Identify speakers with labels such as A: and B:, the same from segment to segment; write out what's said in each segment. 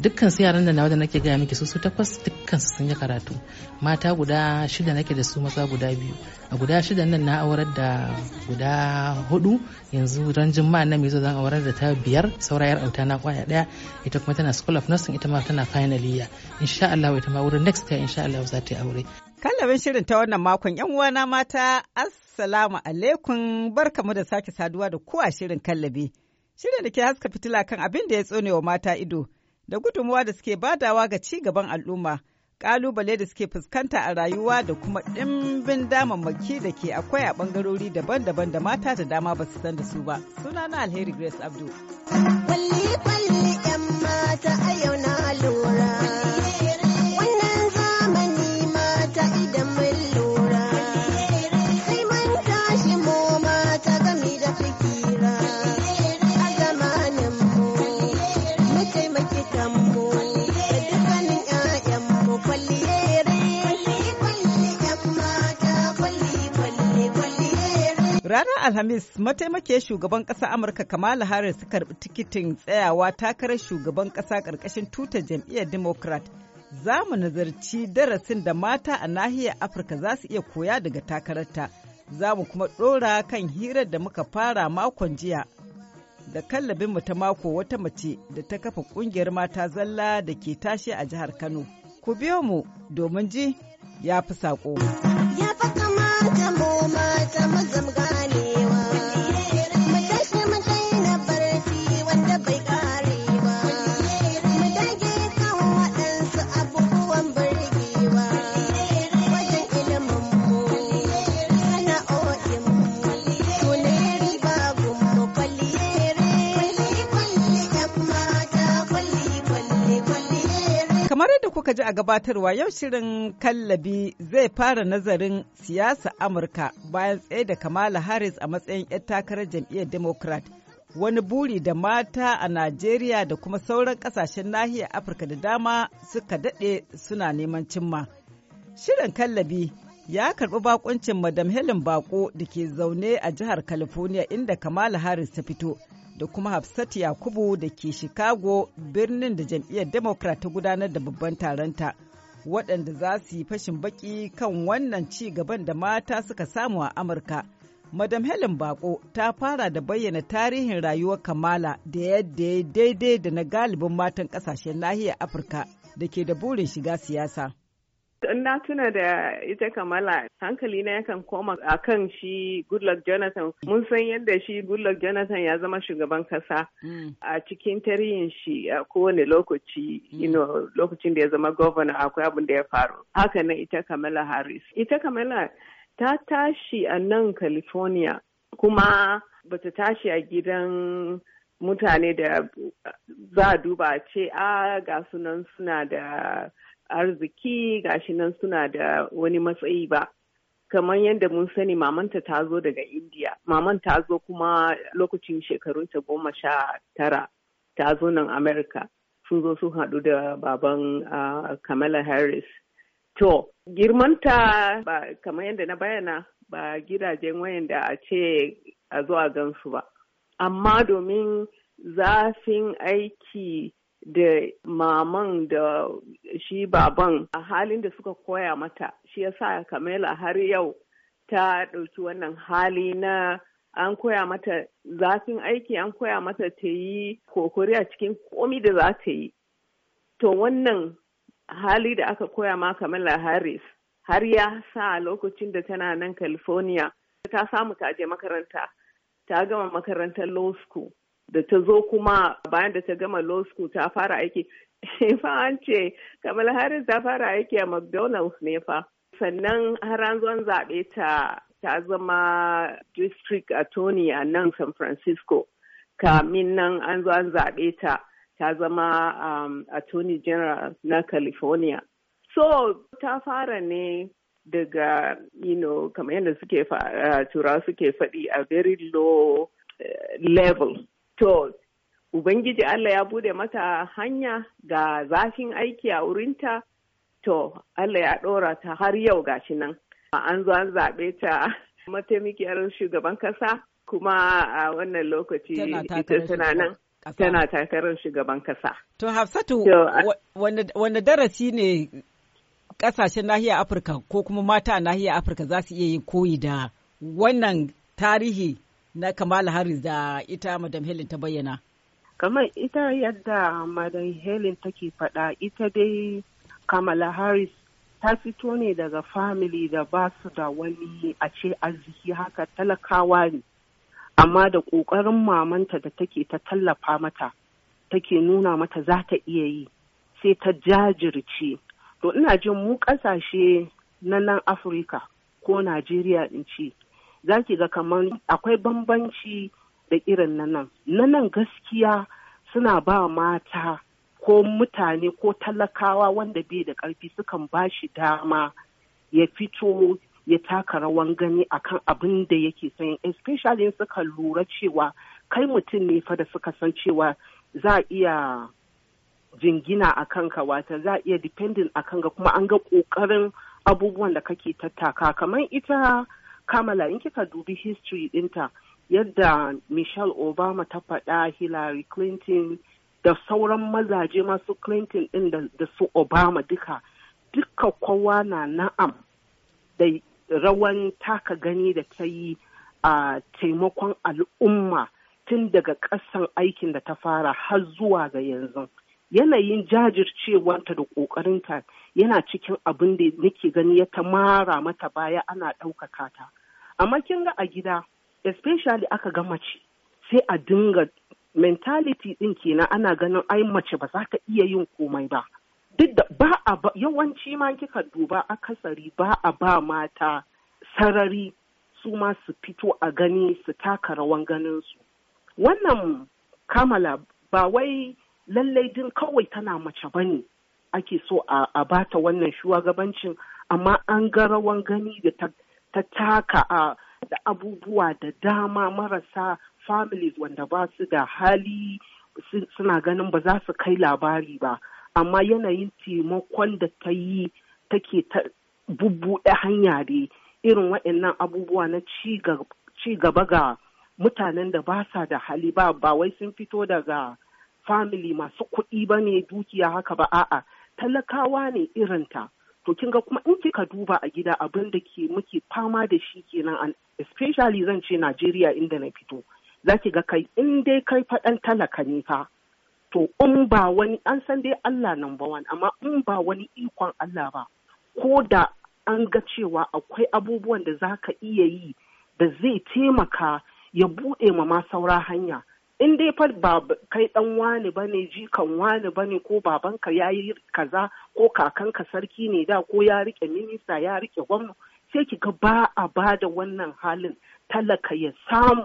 A: dukkan su yaran da nawa da nake gaya miki su su takwas dukkan su sun yi karatu mata guda shida nake da su maza guda biyu a guda shida nan na aurar da guda hudu yanzu ranjin ma na mezo zan aurar da ta biyar saurayar auta na kwaya daya ita kuma tana school of nursing ita ma tana final year insha Allah ita ma wurin next year insha Allah za ta yi aure
B: Kallabin shirin ta wannan makon ‘yan uwana mata, Assalamu alaikum barkamu da sake saduwa da kowa shirin kallabi. Shirin da ke haska fitila kan abin da ya tsone wa mata ido, da gudunmuwa da suke badawa ga ci gaban al'umma, ƙalubale da suke fuskanta a rayuwa da kuma ɗimbin damammaki da ke akwai a ɓangarori daban-daban da mata da dama ba su san da su ba. suna na Alheri Grace Abdu.
C: Walli-walli mata a
B: Alhamis mataimake shugaban ƙasa Amurka Kamala Harris su karɓi tikitin tsayawa takarar shugaban ƙasa ƙarƙashin tutar jam'iyyar Democrat. Za mu nazarci darasin da mata a nahiyar Afirka za su iya koya daga takararta. Za mu kuma ɗora kan hirar da muka fara makon jiya da kallabin mu ta mako wata mace da ta kafa ƙungiyar mata zalla da ke tashi a jihar Kano. Ku biyo mu domin ji ya fi saƙo.
C: Ya fi mu mata
B: yadda kuka ji a gabatarwa yau shirin kallabi zai fara nazarin siyasa Amurka bayan tsaye da Kamala Harris a matsayin 'yar takarar jam'iyyar Democrat. Wani buri da mata a Najeriya da kuma sauran kasashen nahiyar Afirka da dama suka daɗe suna neman cimma. Shirin kallabi ya karɓi bakuncin Madam Helen Bako da ke zaune a jihar California inda Kamala Harris ta fito. da kuma Hafsat Yakubu da ke Chicago birnin da jam'iyyar Democrat ta gudanar da babban taronta waɗanda za su yi fashin baki kan wannan ci gaban da mata suka samu a Amurka. Madam Helen Bako ta fara da bayyana tarihin rayuwar Kamala da yadda ya daidai da na galibin matan ƙasashen nahiyar Afirka da ke da burin shiga siyasa. In na tuna da
D: ita Kamala hankali na yakan koma a kan shi Goodluck Jonathan. Mun san yadda shi Goodluck Jonathan ya zama shugaban kasa mm. a cikin tarihin shi a kowane lokaci, mm. lokacin da ya zama governor akwai abin da ya faru. Haka na ita Kamala Harris. Ita Kamala ta tashi a nan California kuma bata tashi a gidan mutane da za a duba ce a ah, ga sunan suna da arziki gashi nan suna da wani matsayi ba kamar yadda mun sani mamanta ta zo daga indiya maman ta zo kuma lokacin shekarun ta goma sha tara ta zo nan america sun zo sun haɗu da baban uh, kamala harris to girmanta ba kamar yadda na bayana ba gidajen wayanda a ce a zo a gansu ba amma domin zafin aiki da maman da shi baban a halin da suka koya mata shi yasa kamela har yau ta ɗauki wannan hali na an koya mata zafin aiki an koya mata ta yi kokori a cikin komi da za ta yi to wannan hali da aka koya ma kamala harris har ya sa lokacin da tana nan california ta samu ta je makaranta ta gama makarantar law school da ta zo kuma bayan da ta gama law school ta fara aiki fa an ce Kamal harris ta fara aiki a mcdonald's ne fa sannan har an zuwan zaɓe ta ta zama district attorney a nan san francisco kamin nan an zuwan zaɓe ta ta zama um, attorney general na california so ta fara ne daga you know kamar yadda suke uh, tura suke faɗi a very low uh, level To, Ubangiji Allah ya bude mata hanya ga zafin aiki a wurinta, to Allah ya ɗora ta har yau gashi nan. An zo an zaɓe ta mataimakiyar shugaban kasa kuma a wannan lokaci ita tana nan. Tana takarar shugaban kasa.
B: To Hafsatu, wanda darasi ne kasashen nahiyar Afirka ko kuma mata a nahiyar Afirka za su iya yi koyi da wannan tarihi na Kamala Harris da ita Madam Helen ta bayyana?
E: Kamar ita yadda Madam Helen take faɗa ita dai Kamala Harris ta fito ne daga family da ba su da wani a ce arziki haka talakawa ne. Amma da ƙoƙarin mamanta da take ta tallafa mata, take nuna mata za ta iya yi, sai ta jajirce. To ina jin mu ƙasashe na nan Afirka ko Najeriya in ce za ki ga kamar akwai bambanci da irin na nan. Na nan gaskiya suna ba mata ko mutane ko talakawa wanda bai da ƙarfi sukan ba shi dama ya fito ya taka rawan gani akan abin da yake son especially suka lura cewa kai mutum ne fa suka san cewa za a iya jingina a kanka wata za a iya dependent a kanka kuma an ga ƙoƙarin abubuwan da kake tattaka kamar ita kamala in kika dubi history dinta yadda michelle obama ta faɗa hillary clinton da sauran mazaje masu clinton din da su obama duka duka kowa na na'am da rawan taka gani da ta yi a taimakon al'umma tun daga ƙasan aikin da ta fara har zuwa ga yanzu yanayin jajircewanta da ƙoƙarinta yana cikin abin da nake gani ya ta mara mata baya ana ɗaukaka ta amma kin ga a gida especially aka ga mace sai a dinga mentality din kenan ana ganin ai mace ba za ta iya yin komai ba duk da ba a yawanci ma kika duba akasari ba a ba mata sarari su ma su fito a gani su taka rawan ganin su wannan kamala ba wai lallai din kawai tana mace ba ne ake so a bata wannan shugabancin amma an ga rawan gani da ta ta taka a da abubuwa da dama marasa families wanda ba su da hali suna ganin ba za su kai labari ba amma yanayin taimakon da ta yi take ta bubbuɗe hanya de irin waɗannan abubuwa na ci gaba ga mutanen da ba sa da hali ba ba wai sun fito daga family masu kuɗi ba ne dukiya haka ba a'a talakawa ne irinta to kin ga kuma in kika duba a gida abin da ke muke fama da shi kenan especially zan ce Najeriya inda na fito zaki ga kai in dai kai faɗan talaka ne fa to in ba wani an san dai Allah number one amma in ba wani ikon Allah ba ko da an ga cewa akwai abubuwan da zaka iya yi da zai taimaka ya buɗe ma ma saura hanya in dai fa ba kai dan wani bane jikan wani bane ko babanka ya yi kaza ko kakanka sarki ne da ko ya rike minista ya rike gwamna sai ki ga ba a bada wannan halin talaka ya samu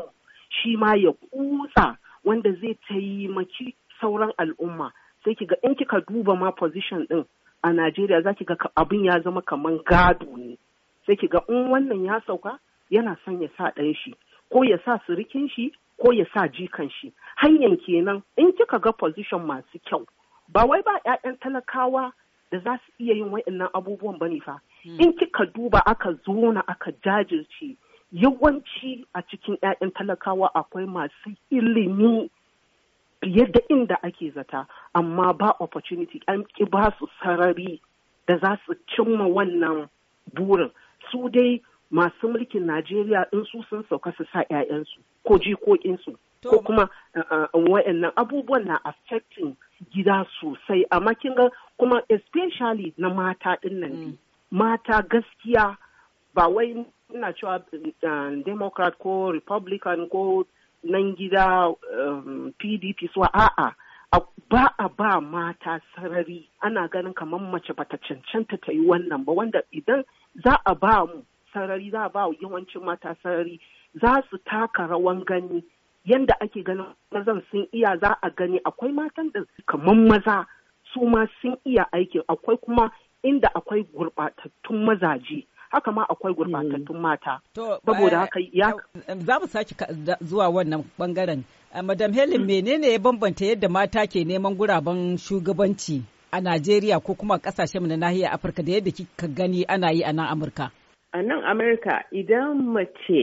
E: shi ma ya kutsa wanda zai taimaki sauran al'umma sai ki ga in kika duba ma position din a Najeriya zaki ga abin ya zama kaman gado ne sai ki ga in wannan ya sauka yana son ya sa ɗan shi ko ya sa surikin shi ko ya sa jikan shi hanyar kenan in kika ga position masu kyau ba wai ba 'ya'yan talakawa da za su iya yin wa'annan abubuwan bane fa hmm. in kika duba aka zona aka jajirce yawanci a cikin 'ya'yan talakawa akwai masu ilimi fiye da inda ake zata amma ba opportunity an ki ba su sarari da za su cimma wannan burin su dai masu mulkin Najeriya in su sun sauka su sa 'ya'yansu ko jikokinsu ko kuma uh, uh, wa'annan abubuwan na affecting gida sosai amma kin ga kuma especially na mata din nan mm. mata gaskiya ba wai ina cewa uh, democrat ko republican ko nan gida pdp um, su a'a ba a ba mata sarari ana ganin kamar mace bata cancanta ta yi wannan ba wanda idan za a ba mu sarari za a ba yawancin mata sarari za su taka rawan gani yanda ake ganin mazan sun iya za a gani akwai matan da kamar maza su ma sun iya aikin akwai kuma inda akwai gurbatattun mazaje
B: haka ma akwai hmm. gurbatattun mata saboda eh, haka ya za mu sake zuwa wannan bangaren eh, madam helen hmm. menene ya bambanta yadda mata ke neman guraben shugabanci a najeriya ko kuma kasashen na nahiyar afirka da yadda kika gani ana yi a nan amurka a nan amurka idan mace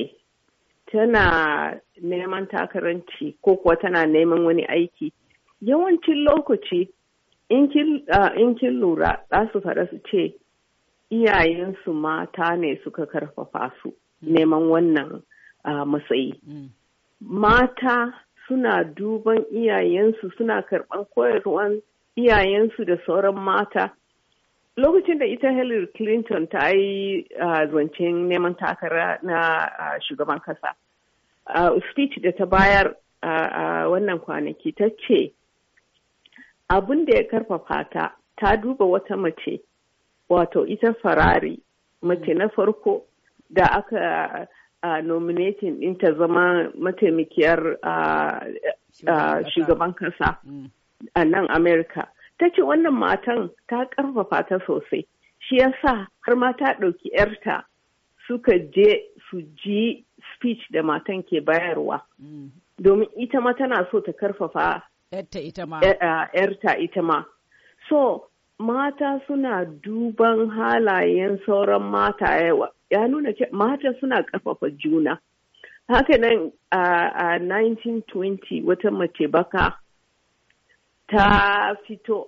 B: tana
D: neman takaranci ko kuwa tana neman wani aiki yawancin lokaci in kin lura za su faɗa su ce iyayensu mata ne suka karfafa su neman wannan matsayi mm. mata suna duban iyayensu suna karɓar koyarwan iyayensu da sauran mata Lokacin da ita Hillary Clinton ta yi zancen neman takara na shugaban kasa, speech da ta bayar wannan kwanaki ta ce, abin da ya karfafa ta, ta duba wata mace, wato ita farari mace na farko da aka nominating ɗin zama mataimakiyar shugaban kasa mm. a nan Amerika. ta ce wannan matan ta karfafa ta sosai shi yasa har ma ta ɗauki 'yarta suka je su ji speech da matan ke bayarwa mm. domin ita ma tana so ta karfafa
B: 'yarta
D: ita ma so mata suna duban halayen sauran mata yawa ya nuna ce mata suna karfafa juna haka nan a 1920 wata mace baka ta fito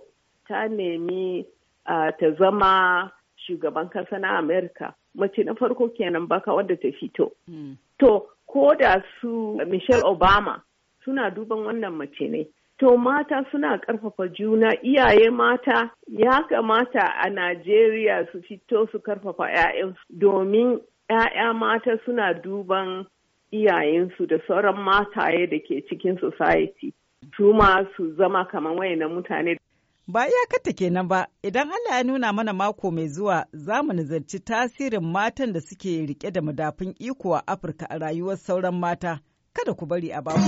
D: ta nemi uh, ta zama shugaban kasa na Amerika. Mace na farko kenan baka wadda ta fito. Mm. To, ko da su Michelle Obama suna duban wannan mace ne. To mata suna karfafa juna iyaye mata ya kamata a Najeriya su fito su karfafa 'ya'yansu domin 'ya'ya mata suna duban iyayensu da sauran mataye da ke cikin society. tuma su zama kamar na mutane.
B: Ba iyakarta kenan ba, idan Allah ya nuna mana mako mai zuwa za mu nazarci tasirin matan da suke rike da madafin iko a Afirka a rayuwar sauran mata. Kada ku bari a babu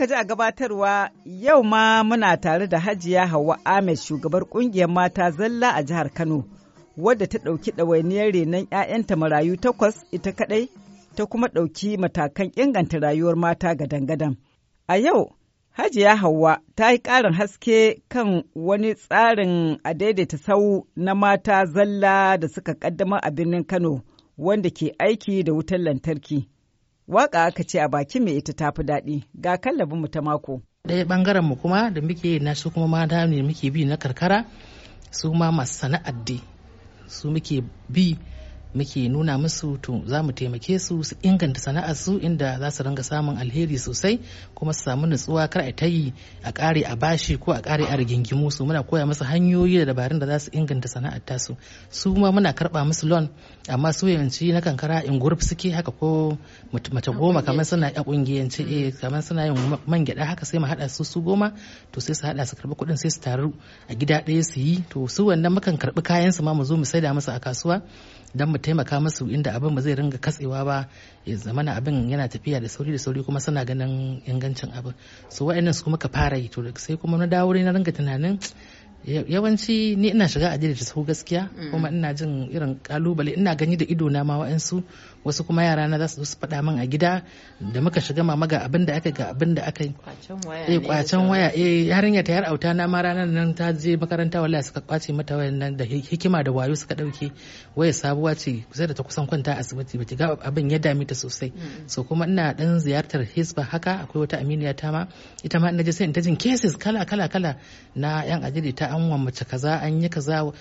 B: kuka ji a gabatarwa yau ma muna tare da Hajiya Hauwa Ahmed shugabar kungiyar mata zalla a jihar Kano wadda ta ɗauki ɗawainiyar renon 'ya'yanta marayu takwas ita kaɗai ta kuma ɗauki matakan inganta rayuwar mata ga dangadan. A yau, Hajiya Hauwa ta yi ƙarin haske kan wani tsarin a daidaita sau na mata zalla da suka ƙaddamar a birnin Kano wanda ke aiki da wutar lantarki. Waka aka ce a
A: baki mai ita tafi daɗi ga kallabin mu ta mako. Ɗaya bangaren mu kuma da muke na su kuma mata ne muke bi na karkara su ma masu sana'ar su muke bi muke nuna musu to za mu taimake su su inganta sana'ar su inda za su ringa samun alheri sosai kuma su samu nutsuwa kar a yi a kare a bashi ko a kare a rigingimu su muna koya musu hanyoyi da dabarun da za su inganta sana'ar tasu su ma muna karba musu loan amma su yanci na kankara in group suke haka ko mace goma kamar suna a kungiyance eh kamar suna yin man gyada haka sai mu hada su su goma to sai su hada su karbi kuɗin sai su taru a gida ɗaya su yi to su wannan mukan karbi kayan su ma mu zo mu saida musu a kasuwa don mu taimaka musu inda abin ba zai ringa katsewa ba ya zamana abin yana tafiya da sauri da sauri kuma suna ganin ingancin abin su wa'annan su kuma ka fara yi to sai kuma na dawo na ringa tunanin yawanci ni ina shiga a da su gaskiya mm. kuma ina jin irin kalubale ina gani da ido na ma wa'ansu wasu kuma yara na za su su faɗa min a gida da muka shiga mama ga abin da aka ga abin da aka yi
C: kwacen waya
A: eh, eh yarinya ta yar auta na ma ranar nan ta je makaranta wallahi suka kwace mata wayan nan da hikima da wayo suka dauke waya sabuwa ce kusa da ta kusan kwanta asibiti bata ga abin ya dame ta sosai mm. so kuma ina dan ziyartar hisba haka akwai wata aminiya ta ma ita ma ina je sai in ta jin cases kala kala kala na yan ajiri ta an wa mace kaza an yi kaza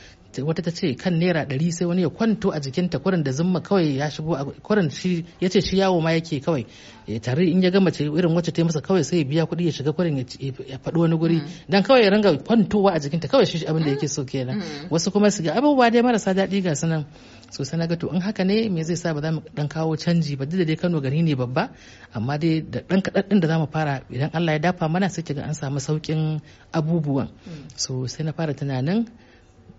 A: wata ta ce kan naira ɗari sai wani ya kwanto a jikinta kurin da zumma kawai ya shigo a kurin shi ya ce shi yawo ma yake kawai tare in ya ga mace irin wacce ta masa kawai sai ya biya kuɗi ya shiga kurin ya faɗi wani guri mm. dan kawai ya ringa kwantowa a jikinta kawai shi abin da yake so mm. kenan mm. wasu kuma su ga abubuwa dai marasa daɗi ga nan. so sai ga to in haka ne me zai sa ba za mu dan kawo canji ba duk da dai Kano gari ne babba amma dai da dan kadan da za mu fara idan Allah ya dafa mana sai ga an samu saukin abubuwan mm. so sai na fara tunanin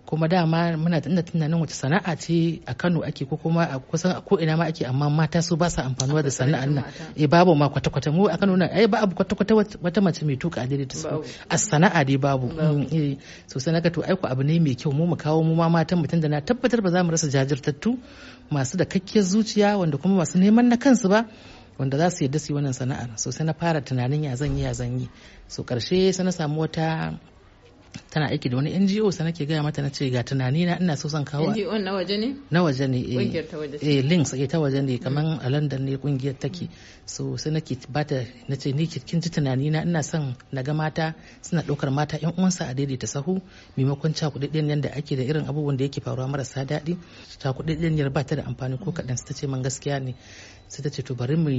A: kuma dama muna da tunanin wata sana'a ce a Kano ake ko kuma a kusan ko ina ma ake amma mata su ba su amfani da sana'ar nan eh babu ma kwata kwata mu a Kano na ai ba abu kwata kwata wata mace mai tuka adiri ta su a sana'a dai babu mm, eh so sai naga to ai ku abu ne mai kyau mu mu kawo mu ma matan mutum da na tabbatar ba za mu rasa jajirtattu masu da kakkiyar zuciya wanda kuma masu neman na kansu ba wanda za su yarda su yi wannan sana'ar so sai na fara tunanin ya zan yi ya zan yi so karshe sai na samu wata tana aiki da wani NGO sa nake gaya mata na ce ga tunani na ina so zan kawo
B: NGO na waje ne
A: na waje ne eh eh links ita eh, waje ne mm. kaman a London ne kungiyar take so sai nake bata na ce ni kin ji tunani na ina son na ga mata suna daukar mata yan uwansa a daidaita sahu maimakon cakudaddiyar yanda ake da irin abubuwan da yake faruwa marasa daɗi cakudaddiyar ba ta da amfani ko kaɗan su ta ce man gaskiya ne sai ta ce to bari mu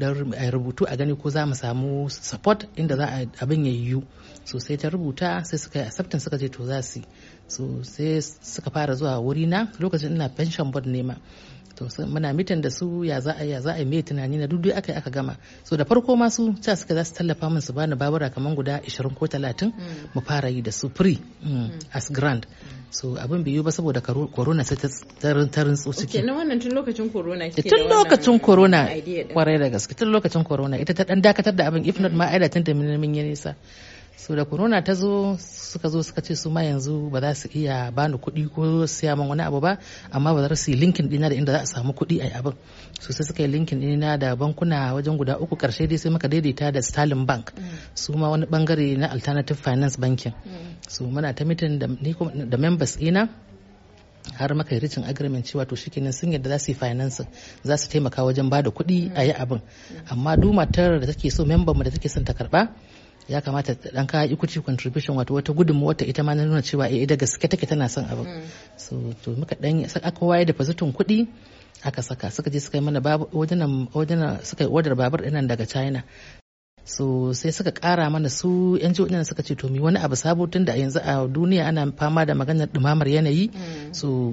A: dan rubutu a gani ko za mu samu support inda za a abin ya yiwu so sai ta rubuta sai suka yi acceptance suka ce to za su so sai suka fara zuwa wuri na lokacin ina pension board nema to muna mitin da su ya za a ya za a mai tunani na duk aka aka gama so da farko ma su ta suka za su tallafa min su bani babura kamar guda 20 ko 30 mm. mu fara yi da su free mm, mm. as grand so abin bai yi ba saboda corona sai ta su ciki na
B: wannan tun lokacin corona kike tun lokacin corona kwarai
A: da gaske tun lokacin corona ita ta dan dakatar da abin if not ma aida tun da mun yi nisa so da corona ta zo suka zo suka ce su ma yanzu ba za su iya bani kuɗi ko siya man wani abu ba amma ba za su yi linkin dina da inda za a samu kuɗi a yi abin so sai suka yi linkin dina da bankuna wajen guda uku karshe dai sai muka daidaita da stalin bank mm. su ma wani bangare na alternative finance banking mm. so muna ta mitin da members ina har maka yi ricin agreement cewa to shikenan sun yadda za su yi finance za su taimaka wajen bada kuɗi a yi mm. abin amma du matar da take so member mu da take son ta karba ya kamata dan ka equity contribution wato wata gudunmu wata ita ma na nuna cewa eh da gaske take tana son abu mm. so to muka dan saka kowa ya depositin kuɗi aka saka suka je suka yi mana wajen suka yi odar babur nan daga china so sai suka kara mana su yan jihohin suka ce to mi wani abu sabo tun da yanzu a duniya ana fama da maganar dumamar yanayi mm. so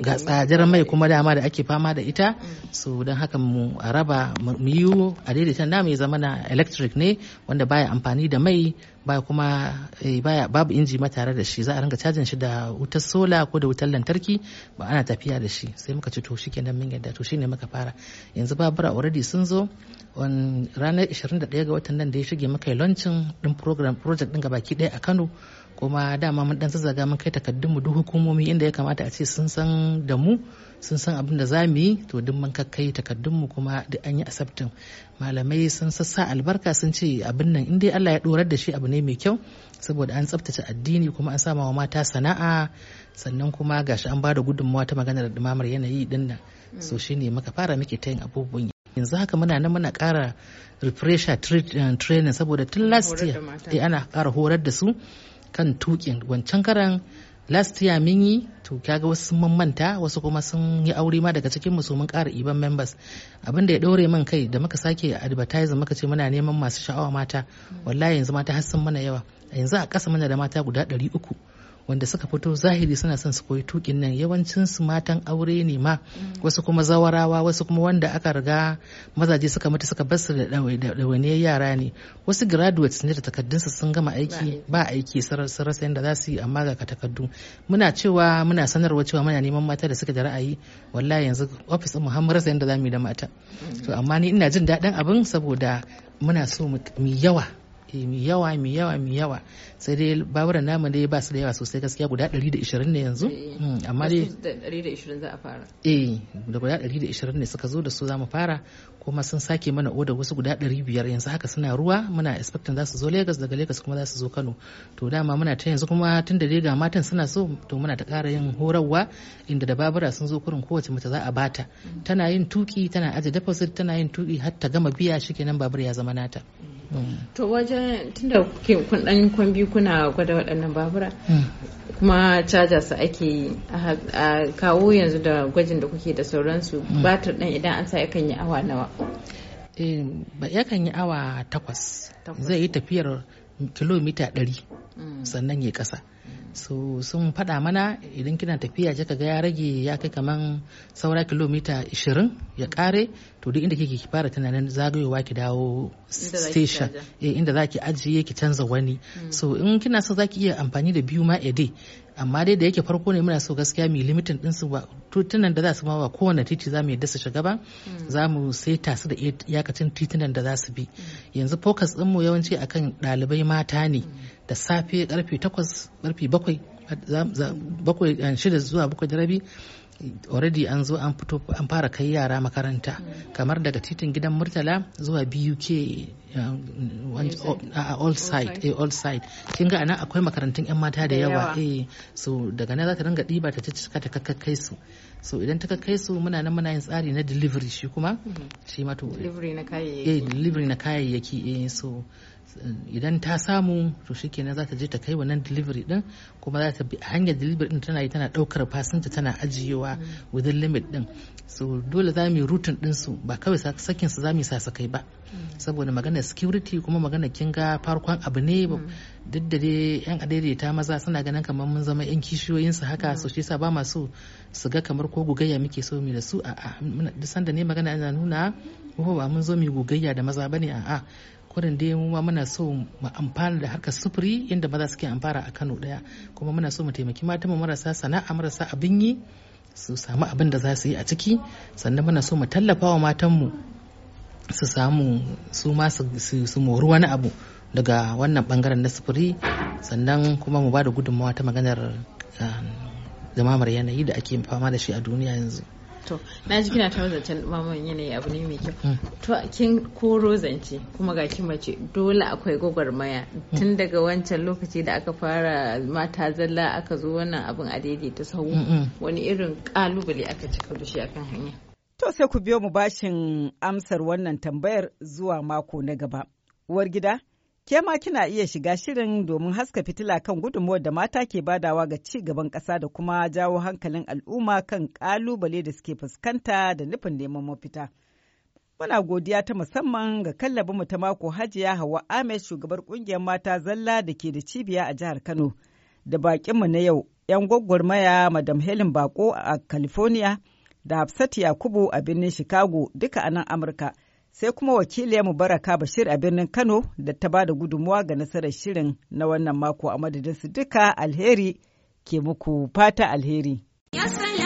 A: ga tsadar mai kuma dama da ake fama da ita mm. so don haka mu a raba mu yi a daidaita na mai na electric ne wanda baya amfani da mai ba kuma eh, baya babu inji ma tare da shi za a ringa cajin shi da wutar sola ko da wutar lantarki ba ana tafiya da shi sai muka ci to shi kenan mun yadda to shi ne muka fara yanzu babura already sun zo on ranar 21 ga watan nan da ya shige muka yi launching din program project din gabaki daya a Kano kuma dama mun dan zazzaga mun kai takardun mu duk hukumomi inda ya kamata a ce sun san da mu sun san abin da za mu yi to duk mun kakkai takardun mu kuma duk an yi asabtin malamai sun sassa albarka sun ce abin nan in dai Allah ya dorar da shi abu ne mai kyau saboda an tsaftace addini kuma an sama wa mata sana'a sannan kuma gashi an bada gudunmawa ta magana da dumamar yanayi din nan so mm. shine muka fara muke ta yin abubuwan yanzu haka muna nan muna kara refresher eh, training saboda tun last year ana kara horar da su kan tukin wancan karan last year mun yi to kaga wasu sun manta wasu kuma sun yi aure ma daga cikin su mun ƙara iban members abin ya dore man kai da muka sake advertising muka ce muna neman masu sha'awa mata wallahi yanzu mata har sun mana yawa yanzu a ƙasa mana da mata guda ɗari uku wanda suka fito zahiri suna son su koyi tukin nan yawancin su matan aure ne ma wasu kuma zawarawa wasu kuma wanda aka riga mazaje suka mutu suka basu da dawane yara ne wasu graduates ne da su sun gama aiki ba aiki sun rasa yadda za su yi amma ga takardu muna cewa muna sanarwa cewa muna neman mata da suka da ra'ayi wallahi yanzu ofis mu har rasa za mu yi da mata mm. to amma ni ina jin daɗin abin saboda muna so mu yawa ake eh, mai yawa mai yawa mai yawa sai dai baburan naman dai ba su da yawa sosai gaskiya guda 120 ne yanzu eh, hmm, amma dai
D: 120 za a fara
A: eh da guda 120 ne suka zo da su za mu fara kuma sun sake mana oda wasu guda ɗari biyar yanzu haka suna ruwa muna expecting za su zo Lagos daga Lagos kuma za su zo Kano to dama muna ta yanzu kuma tun da ga matan suna so to muna ta ƙara yin horarwa inda da babura sun zo kurin kowace mace za a bata tana yin tuki tana aje deposit tana yin tuki har ta gama biya shikenan babur ya zama nata mm. to wajen tunda kuke kun dan kwambi kuna gwada waɗannan babura mm. kuma caja su ake kawo yanzu da gwajin da kuke da sauransu mm. batir ɗin idan an sa yakan yi awa nawa Eh, yakan yi awa takwas zai yi tafiyar kilomita ɗari mm. sannan ya ƙasa mm. so sun faɗa mana idan kina tafiya kika ga ya rage ya kai kaman saura kilomita 20 ya ƙare to duk inda kike ki fara tunanin zagayowa ki dawo station eh inda zaki ajiye ki canza wani hmm. so in kina so zaki iya amfani da biyu ma a day amma dai da yake farko ne muna so gaskiya mai limitin din su ba titunan da za su ma ba kowane titi za mu yadda su shiga ba hmm. za mu saita su da iyakacin titunan da za su bi hmm. yanzu focus din mu yawanci akan dalibai mata ne da safe karfe 8 karfe 7 bakwai eh, shida zuwa bakwai da rabi already an zo an fito an fara kai yara makaranta kamar daga titin gidan murtala zuwa buk all uh, uh, uh, side all eh, side kin ga anan akwai makarantun yan mata da yawa eh so daga nan za ta ringa ɗiba ta cika ta kai su so idan ta kai su muna nan muna yin tsari na delivery shi kuma mhm. shi ma to eh. delivery na kayayyaki eh delivery na kayayyaki eh so idan ta samu to shikenan za ta je ta kai wannan delivery din kuma za ta bi hanyar delivery din tana yi tana daukar passenger tana ajiyewa mm. within limit din so dole za mu yi din su ba kawai sakin su za mu yi sasakai ba mm. saboda magana security kuma magana kinga farkon abu ne duk da dai yan adaidaita maza suna ganin kamar mun zama yan kishiyoyinsu haka so shi yasa ba ma so su ga kamar ko gugayya muke so mu da su a'a duk sanda ne magana ana nuna ko ba mun zo mu gugayya da maza bane a'a kurin dai mu ma muna so mu amfana da harkar sufuri inda maza suke amfana a Kano daya kuma muna so mu taimaki mata mu marasa sana'a marasa abin yi su samu abin da za su yi a ciki sannan muna so mu tallafa wa matanmu su samu su ma su moru wani abu daga wannan bangaren na sufuri sannan kuma mu ba da gudunmawa ta maganar zamamar um, yanayi da ake fama da shi a duniya yanzu
B: to na ji kina ta zancen dumaman yanayi abu ne mai kyau hmm. to kin koro zance kuma ga kin mace dole akwai gwagwarmaya hmm. tun daga wancan lokaci da aka fara mata zalla aka zo wannan abin a daidaita sahu hmm, wani irin kalubale aka cika da shi akan hanya to sai ku biyo mu bashin amsar wannan tambayar zuwa mako na gaba uwar gida Ke ma kina iya shiga shirin domin haska fitila kan gudunmuwar da mata ke badawa ga ci gaban ƙasa da kuma jawo hankalin al'umma kan ƙalubale da suke fuskanta da nufin neman mafita. Muna godiya ta musamman ga kallabinmu ta mako Hajiya Hawa Ahmed shugabar ƙungiyar mata zalla da ke da cibiya a jihar Kano da baƙinmu na yau 'yan gwaggwarmaya Madam Helen Bako a California da Hafsat Yakubu a birnin Chicago duka a nan Amurka. sai kuma wakiliyar baraka bashir a birnin kano da ta ba da gudunmuwa ga nasarar shirin na wannan mako a madadin su duka alheri ke muku fata alheri.
C: Yes,